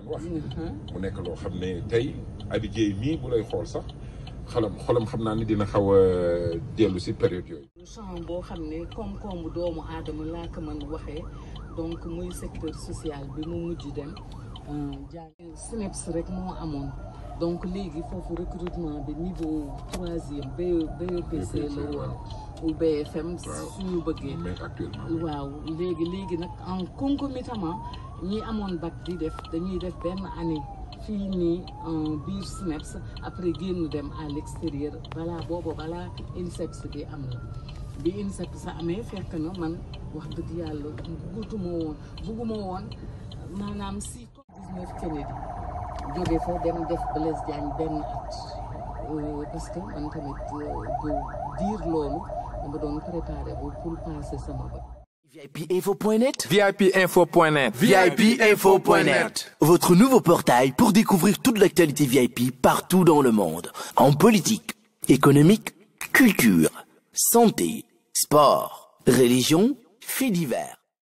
daan wax mhm. mu nekk loo xam ne tey Abi Dieye mii bu lay xool sax xolam xolam xam naa ni dina xaw a euh, dellu si période yooyu champ boo xam ne koom-koomu doomu aadama laa ko mën waxee donc muy secteur social bi mu mujj dem jàng SNEPS rek moo amoon donc léegi foofu recrutement bi niveau troisième BEPC la woon ou BFM suñu bëggee waaw léegi léegi nag en concomitamment ñi amoon bac di def dañuy def benn année fii nii biir SNEPS après génn dem à l'extérieur voilà boobu voilà INSEPS bi am la bi INSEPS amee fekk na man wax dëgg yàlla bugguma woon bugguma woon maanaam si vip Kennedy VIP-info.net VIPinfo.net VIPinfo.net VIPinfo.net Votre nouveau portail pour découvrir toute l'actualité VIP partout dans le monde. En politique, économique, culture, santé, sport, religion, fait divers.